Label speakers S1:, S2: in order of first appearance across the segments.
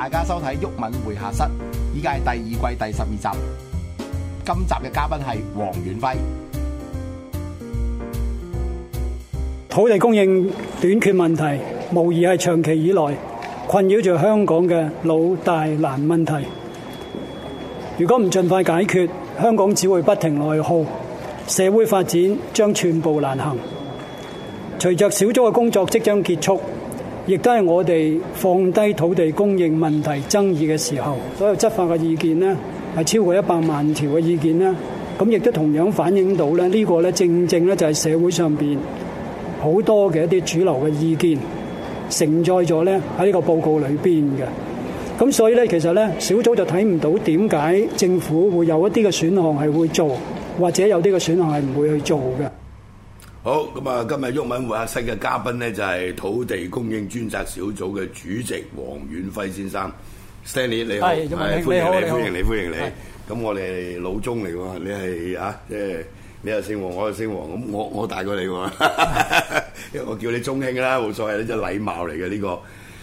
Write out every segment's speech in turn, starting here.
S1: 大家收睇《毓民會客室》，依家係第二季第十二集。今集嘅嘉賓係黃遠輝。
S2: 土地供應短缺問題，無疑係長期以來困擾住香港嘅老大難問題。如果唔盡快解決，香港只會不停內耗，社會發展將寸步難行。隨着小組嘅工作即將結束。亦都係我哋放低土地供應問題爭議嘅時候，所有執法嘅意見咧，係超過一百萬條嘅意見咧，咁亦都同樣反映到咧呢個咧，正正咧就係社會上邊好多嘅一啲主流嘅意見承載咗咧喺呢個報告裏邊嘅。咁所以咧，其實咧小組就睇唔到點解政府會有一啲嘅選項係會做，或者有啲嘅選項係唔會去做嘅。
S1: 好咁啊！今日毓民會客室嘅嘉賓咧，就係、是、土地供應專責小組嘅主席黃遠輝先生，Stanley 你好，歡迎你，歡迎你，歡迎你。咁我哋老中嚟喎，你係啊，即、就、係、是、你又姓黃，我又姓黃，咁我我大過你喎，是 我叫你中興啦，冇所謂，係呢只禮貌嚟嘅呢個。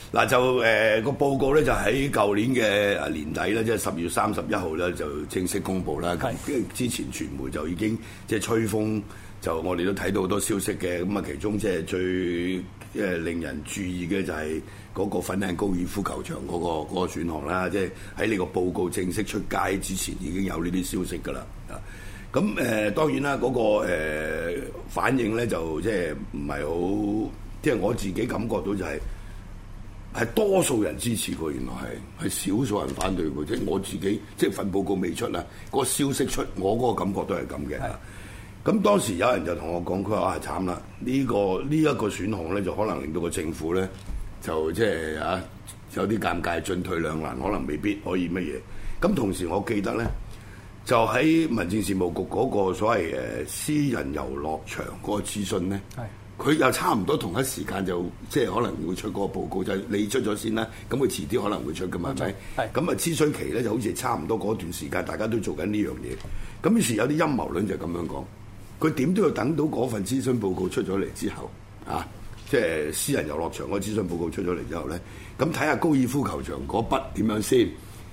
S1: 嗱、啊、就誒、呃那個報告咧，就喺舊年嘅年底咧，即係十月三十一號咧，就正式公布啦。係是，跟之前傳媒就已經即係、就是、吹風。就我哋都睇到好多消息嘅，咁啊其中即係最即係令人注意嘅就係嗰個粉嶺高爾夫球場嗰、嗰個嗰、嗰個選項啦，即係喺呢個報告正式出街之前已經有呢啲消息噶啦啊，咁誒、呃，當然啦嗰、嗰個誒、呃、反應咧就即係唔係好，即、就、係、是、我自己感覺到就係、是、係多數人支持佢，原來係係少數人反對佢，即、就、係、是、我自己即係、就是、份報告未出啦，嗰個消息出，我嗰個感覺都係咁嘅。咁當時有人就同我講，佢話啊慘啦。呢個呢一個選項咧，就可能令到個政府咧就即係啊有啲尷尬、進退兩難，可能未必可以乜嘢。咁同時，我記得咧就喺民政事務局嗰個所謂、呃、私人遊樂場嗰個諮詢呢，佢的又差唔多同一時間就即係可能會出嗰個報告，就係你出咗先啦。咁佢遲啲可能會出噶嘛？係咪的？係咁啊！諮詢期咧就好似差唔多嗰段時間，大家都做緊呢樣嘢。咁於是有啲陰謀論就咁樣講。佢點都要等到嗰份諮詢報告出咗嚟之後，啊，即係私人遊樂場嗰個諮詢報告出咗嚟之後咧，咁睇下高爾夫球場嗰筆點樣先，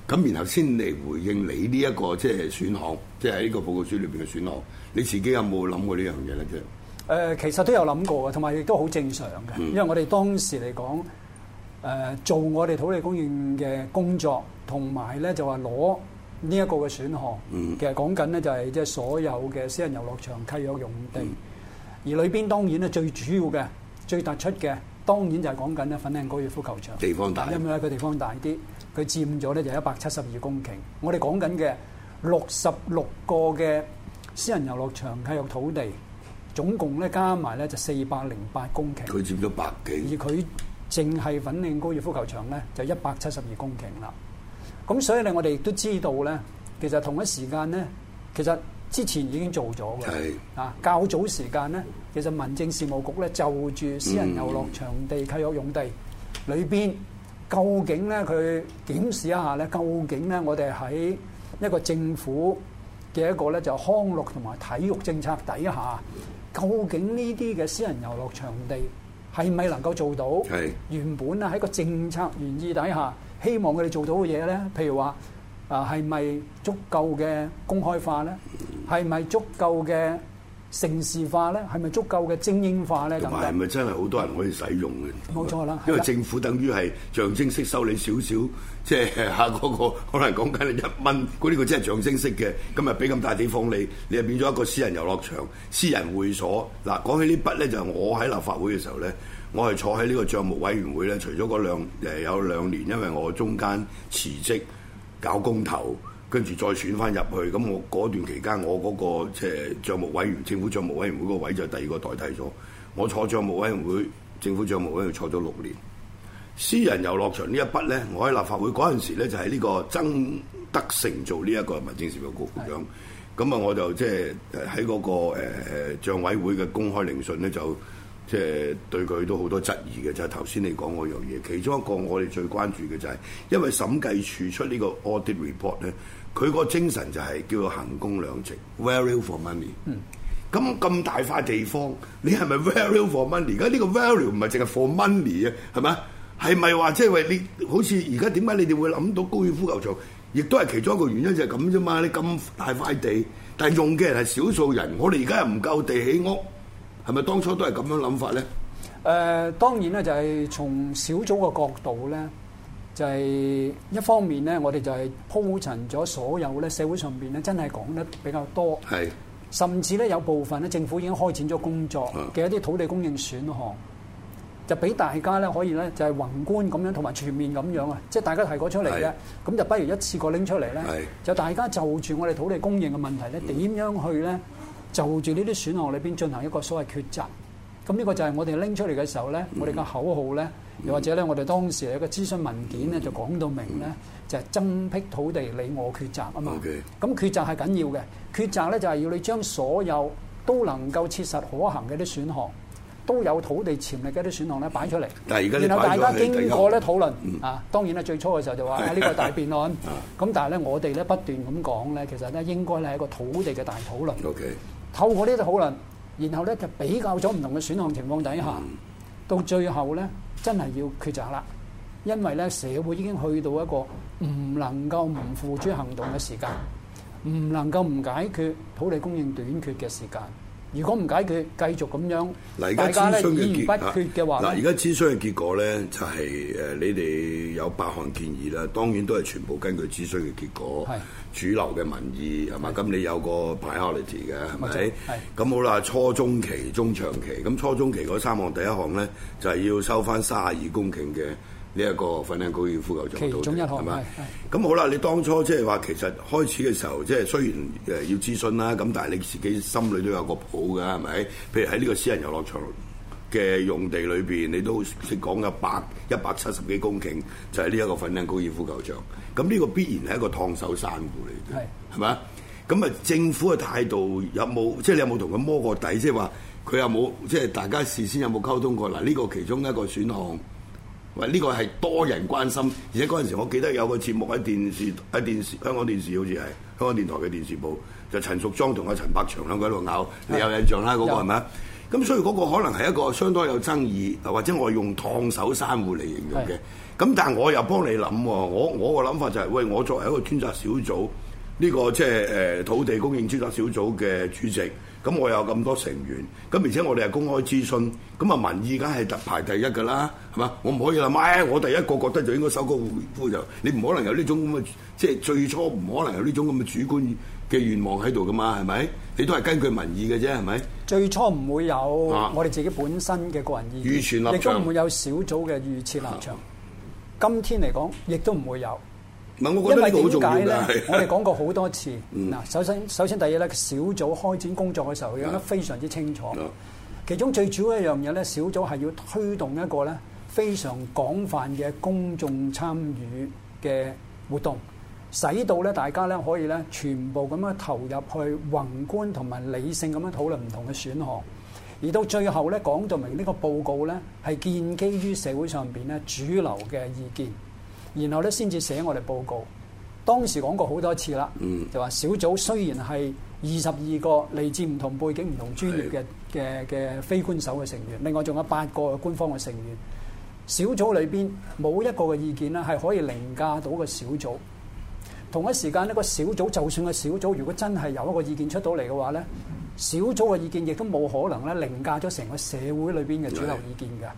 S1: 咁然後先嚟回應你呢一個即係選項，即係呢個報告書裏邊嘅選項，你自己有冇諗過呢樣嘢咧？即
S2: 係誒，其實都有諗過嘅，同埋亦都好正常嘅，因為我哋當時嚟講，誒，做我哋土地供應嘅工作，同埋咧就話攞。呢一個嘅選項，其實講緊咧就係即係所有嘅私人遊樂場契約用地，嗯、而裏邊當然咧最主要嘅、最突出嘅，當然就係講緊咧粉嶺高爾夫球場。地方大，因為咧佢地方大啲，佢佔咗咧就一百七十二公頃。我哋講緊嘅六十六個嘅私人遊樂場契約土地，總共咧加埋咧就四百零八公頃。佢
S1: 佔咗百幾，而
S2: 佢淨係粉嶺高爾夫球場咧就一百七十二公頃啦。咁所以咧，我哋亦都知道咧，其實同一時間咧，其實之前已經做咗㗎。啊是，較早時間咧，其實民政事務局咧就住私人遊樂場地契約、嗯、用地裏邊，究竟咧佢檢視一下咧，究竟咧我哋喺一個政府嘅一個咧就康樂同埋體育政策底下，究竟呢啲嘅私人遊樂場地係咪能夠做到？是原本呢，喺個政策原意底下。希望佢哋做到嘅嘢咧，譬如話，啊，係咪足夠嘅公開化咧？係咪足夠嘅城市化咧？係咪足夠嘅精英化咧？咁，係
S1: 咪真係好多人可以使用嘅。冇錯啦，因為政府等於係象徵式收你少少，即係下嗰個可能講緊你一蚊，嗰啲個真係象徵式嘅。今日，俾咁大地方你，你啊變咗一個私人遊樂場、私人會所。嗱，講起呢筆咧，就係我喺立法會嘅時候咧。我係坐喺呢個帳目委員會咧，除咗嗰兩有兩年，因為我中間辭職搞公投，跟住再選翻入去，咁我嗰段期間我嗰個即係帳目委員政府帳目委員會個位置就第二個代替咗。我坐帳目委員會政府帳目委員坐咗六年。私人遊樂場呢一筆咧，我喺立法會嗰陣時咧就喺呢個曾德成做呢一個民政事務局局長，咁啊我就即係喺嗰個誒帳委會嘅公開聆訊咧就。即係對佢都好多質疑嘅，就係頭先你講嗰樣嘢。其中一個我哋最關注嘅就係，因為審計署出呢個 audit report 咧，佢個精神就係叫做衡工量值，value for money。嗯。咁咁大塊地方，你係咪 value for money？而家呢個 value 唔係淨係 for money 啊，係咪？係咪話即係喂，你好似而家點解你哋會諗到高爾夫球場？亦都係其中一個原因就係咁啫嘛。你咁大塊地，但係用嘅人係少數人，我哋而家又唔夠地起屋。係咪當初都係咁樣諗法咧？
S2: 誒，當然咧，就係從小組嘅角度咧，就係一方面咧，我哋就係鋪陳咗所有咧社會上邊咧，真係講得比較多。係。甚至咧，有部分咧，政府已經開展咗工作嘅一啲土地供應選項，就俾大家咧可以咧，就係宏觀咁樣，同埋全面咁樣啊！即係大家提過出嚟嘅，咁就不如一次過拎出嚟咧，係。就大家就住我哋土地供應嘅問題咧，點樣去咧？就住呢啲選項裏面進行一個所謂抉擇，咁呢個就係我哋拎出嚟嘅時候咧，我哋嘅口號咧，又或者咧，我哋當時一個諮詢文件咧，就講到明咧，就係增闢土地，你我抉擇啊嘛。咁抉擇係緊要嘅，抉擇咧就係要你將所有都能夠切實可行嘅啲選項，都有土地潛力嘅啲選項咧擺出嚟。但而家，然後大家經過咧討論啊，當然咧最初嘅時候就話係呢個大辯論，咁但係咧我哋咧不斷咁講咧，其實咧應該咧係一個土地嘅大討論。透過呢啲討論，然後咧就比較咗唔同嘅選項情況底下，到最後咧真係要抉擇啦。因為咧社會已經去到一個唔能夠唔付諸行動嘅時間，唔能夠唔解決土地供應短缺嘅時間。如果唔解決，繼續咁樣，而在家諮詢嘅結，嗱，而家
S1: 諮詢嘅結果咧、就是，就係誒你哋有八項建議啦。當然都係全部根據諮詢嘅結果，是主流嘅民意係嘛？咁是你有個排 priority 嘅係咪？咁好啦，初中期、中長期，咁初中期嗰三項，第一項咧，就係要收翻三十二公頃嘅。呢一個粉嶺高爾夫球場都係，係咪？咁是是 好啦，你當初即係話，其實開始嘅時候，即係雖然誒要諮詢啦，咁但係你自己心裏都有個譜㗎，係咪？譬如喺呢個私人遊樂場嘅用地裏邊，你都識講一百一百七十幾公頃，就係呢一個粉嶺高爾夫球場。咁呢個必然係一個燙手山芋嚟嘅，係咪咁啊，咁政府嘅態度有冇？即係你有冇同佢摸過底？即係話佢有冇？即係大家事先有冇溝通過？嗱，呢個其中一個選項。喂，呢、這個係多人關心，而且嗰陣時候我記得有個節目喺電視，喺電視香港電視好似係香港電台嘅電視部，就是、陳淑莊同阿陳百祥兩個喺度咬，是的你有印象啦嗰、那個係咪？咁所以嗰個可能係一個相當有爭議，或者我用燙手山芋嚟形容嘅。咁的但係我又幫你諗、啊，我我個諗法就係、是、喂，我作為一個專責小組，呢、這個即係誒土地供應專責小組嘅主席。咁我有咁多成員，咁而且我哋係公開諮詢，咁啊民意梗係特排第一㗎啦，係嘛？我唔可以諗、哎，我第一個覺得就應該收個庫庫就，你唔可能有呢種咁嘅，即係最初唔可能有呢種咁嘅主觀嘅願望喺度㗎嘛，係咪？你都係根據民意嘅啫，係咪？最初唔
S2: 會有，我哋自己本身嘅個人意願，亦、啊、都唔會有小組嘅預設立場。啊、今天嚟講，亦都唔會有。我覺得這因為點解咧？是我哋講過好多次。嗱、 嗯，首先首先第一咧，小組開展工作嘅時候，佢講得非常之清楚。嗯、其中最主要一樣嘢咧，小組係要推動一個咧非常廣泛嘅公眾參與嘅活動，使到咧大家咧可以咧全部咁樣投入去宏觀同埋理性咁樣討論唔同嘅選項，而到最後咧講到明呢個報告咧係建基於社會上邊咧主流嘅意見。然後咧，先至寫我哋報告。當時講過好多次啦，嗯、就話小組雖然係二十二個嚟自唔同背景、唔同專業嘅嘅嘅非官守嘅成員，另外仲有八個官方嘅成員。小組裏邊冇一個嘅意見咧，係可以凌駕到個小組。同一時間呢個小組就算個小組，小組如果真係有一個意見出到嚟嘅話咧，小組嘅意見亦都冇可能咧凌駕咗成個社會裏邊嘅主流意見㗎。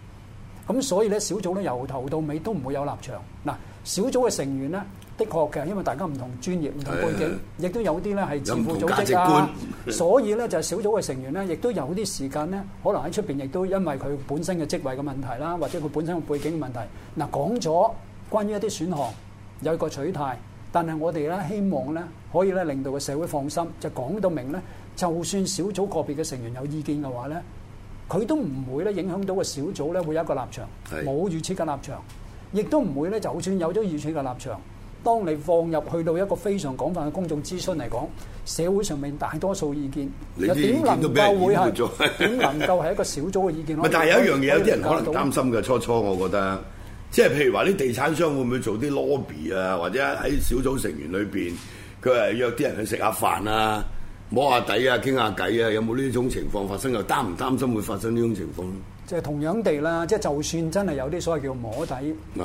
S2: 咁所以咧，小組咧由頭到尾都唔會有立場。嗱，小組嘅成員咧，的確嘅，因為大家唔同專業、唔同背景，亦都有啲咧係自負組織㗎。所以咧，就係小組嘅成員咧，亦都有啲時間咧，可能喺出邊亦都因為佢本身嘅職位嘅問題啦，或者佢本身嘅背景嘅問題。嗱，講咗關於一啲選項，有一個取態，但係我哋咧希望咧，可以咧令到個社會放心，就講到明咧，就算小組個別嘅成員有意見嘅話咧。佢都唔會咧影響到個小組咧，會有一個立場冇是的 預設嘅立場，亦都唔會咧，就算有咗預設嘅立場，當你放入去到一個非常廣泛嘅公眾諮詢嚟講，社會上面大多數意見，你又點能夠會係點 能夠係一個小組嘅意見 但係有一樣嘢，有啲人可能擔
S1: 心嘅， 初初我覺得，即係譬如話啲地產商會唔會做啲 lobby 啊，或者喺小組成員裏邊，佢係約啲人去食下飯啊？摸下底啊，傾下偈啊，有冇呢種情況發生？又擔唔擔心會發生呢種情況？
S2: 即係同樣地啦，即係就算真係有啲所謂叫摸底嗱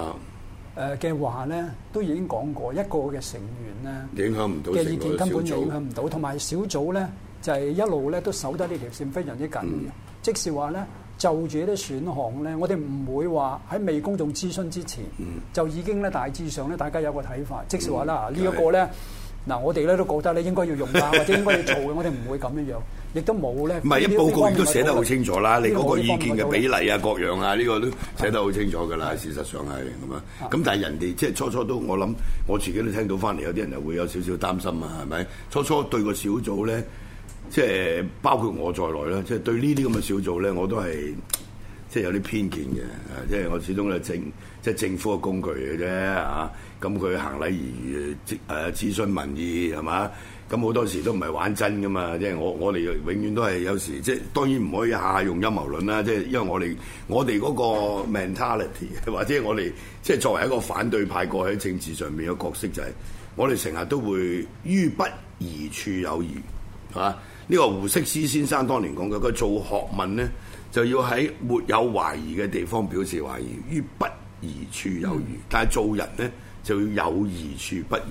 S2: 誒嘅話咧，啊、都已經講過一個嘅成員咧，
S1: 影響唔到嘅意見根本就影響
S2: 唔到，同埋小組咧就係、是、一路咧都守得呢條線非常之緊，緊、嗯、即是話咧，就住啲選項咧，我哋唔會話喺未公眾諮詢之前、嗯、就已經咧大致上咧大家有個睇法。嗯、即是話啦，呢一個咧。嗱，我哋咧都覺得咧應該要用啊，或者應該要做嘅， 我哋唔會咁樣樣，亦都冇咧。唔係，啲報告亦都寫得好
S1: 清楚啦，你嗰個意見嘅比例啊，各樣啊，呢個都寫得好清楚㗎啦。是的事實上係咁啊。咁的的但係人哋即係初初都我諗，我自己都聽到翻嚟，有啲人就會有少少擔心啊，係咪？是的初初對個小組咧，即係包括我在內啦，即係對呢啲咁嘅小組咧，我都係即係有啲偏見嘅即係我始終係政，即係政府嘅工具嘅啫啊。咁佢行禮而誒諮誒詢民意係嘛？咁好多時都唔係玩真噶嘛，即係我我哋永遠都係有時即係當然唔可以下下用陰謀論啦，即係因為我哋我哋嗰個 mentality 或者我哋即係作為一個反對派過喺政治上面嘅角色就係、是、我哋成日都會於不疑處有疑係嘛？呢個胡適之先生當年講嘅，佢做學問咧就要喺沒有懷疑嘅地方表示懷疑，於不疑處有疑、嗯、但係做人咧。就要有疑處不疑，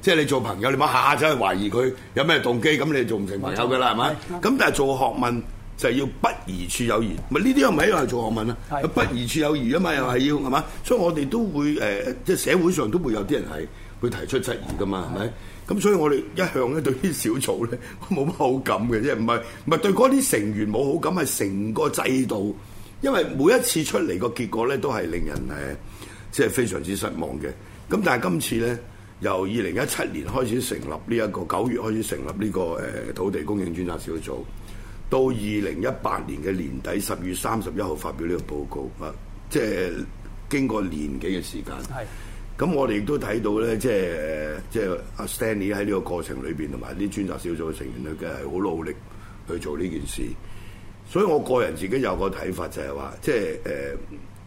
S1: 即係你做朋友，你唔好下下走去懷疑佢有咩動機，咁你做唔成朋友嘅啦，係咪？咁但係做學問就係要不疑處有疑，唔係呢啲又唔係一樣係做學問啊？不疑處有疑啊嘛，又係要係嘛？所以我哋都會誒，即係社會上都會有啲人係會提出質疑噶嘛，係咪？咁所以我哋一向咧對於小組咧冇乜好感嘅啫，唔係唔係對嗰啲成員冇好感，係成個制度，因為每一次出嚟個結果咧都係令人誒，即係非常之失望嘅。咁但係今次咧，由二零一七年開始成立呢、這、一個，九月開始成立呢、這個、嗯、土地供應專責小組，到二零一八年嘅年底十月三十一號發表呢個報告，啊，即、就、係、是、經過年幾嘅時間，咁是我哋亦都睇到咧，即、就、係、是、即係、就、阿、是、Stanley 喺呢個過程裏邊同埋啲專責小組嘅成員咧，嘅係好努力去做呢件事。所以我個人自己有個睇法就，就係、是、話，即、呃、係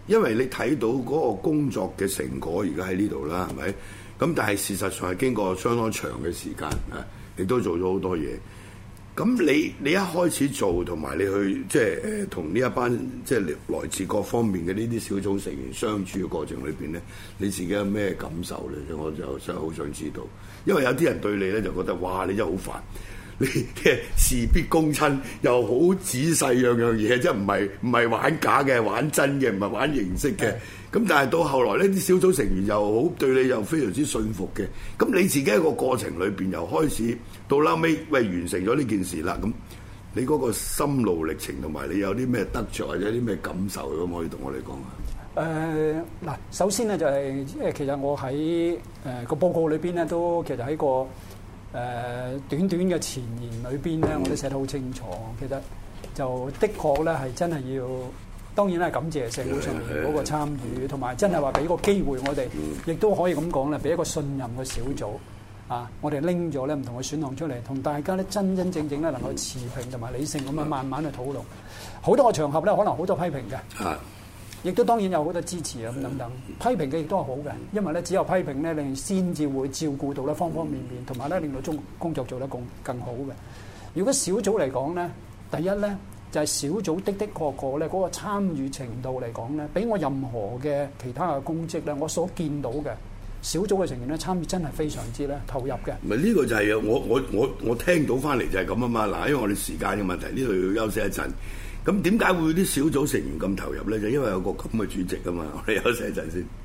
S1: 因為你睇到嗰個工作嘅成果現在在這裡，而家喺呢度啦，係咪？咁但係事實上係經過相當長嘅時間，誒，亦都做咗好多嘢。咁你你一開始做同埋你去即係誒同呢一班即係來自各方面嘅呢啲小組成員相處嘅過程裏邊呢，你自己有咩感受呢？我就想好想知道，因為有啲人對你呢，就覺得哇，你真係好煩。你嘅事必躬親，又好仔細樣樣嘢，即係唔係唔係玩假嘅，玩真嘅，唔係玩形式嘅。咁的但係到後來呢，啲小組成員又好對你又非常之信服嘅。咁你自己喺個過程裏邊，由開始到撈尾，喂完成咗呢件事啦。咁你嗰個心路歷程同埋你有啲咩得着，或者啲咩感受，咁可以同我哋講啊？
S2: 誒嗱、呃，首先呢、就係，就係其實我喺誒個報告裏邊呢，都其實喺個。誒短短嘅前言裏邊咧，我都寫得好清楚。嗯、其實就的確咧，係真係要，當然咧，感謝社會上面嗰個參與，同埋、嗯、真係話俾個機會我哋，亦都、嗯、可以咁講咧，俾一個信任嘅小組、嗯、啊，我哋拎咗咧唔同嘅選項出嚟，同大家咧真真正正咧能夠持平同埋理性咁樣慢慢去討論。好、嗯、多個場合咧，可能好多批評嘅。係。亦都當然有好多支持啊，咁等等。批評嘅亦都係好嘅，因為咧只有批評咧，你先至會照顧到咧方方面面，同埋咧令到中工作做得更更好嘅。如果小組嚟講咧，第一咧就係小組的的個個的的確確咧嗰個參與程度嚟講咧，比我任何嘅其他嘅公職咧，我所見到嘅小組嘅成員咧參與真係非常之咧投入嘅。
S1: 唔係呢個就係啊！我我我我聽到翻嚟就係咁啊嘛嗱，因為我哋時間嘅問題，呢度要休息一陣。咁點解會啲小組成員咁投入咧？就因為有個咁嘅主席啊嘛，我哋休息一陣先。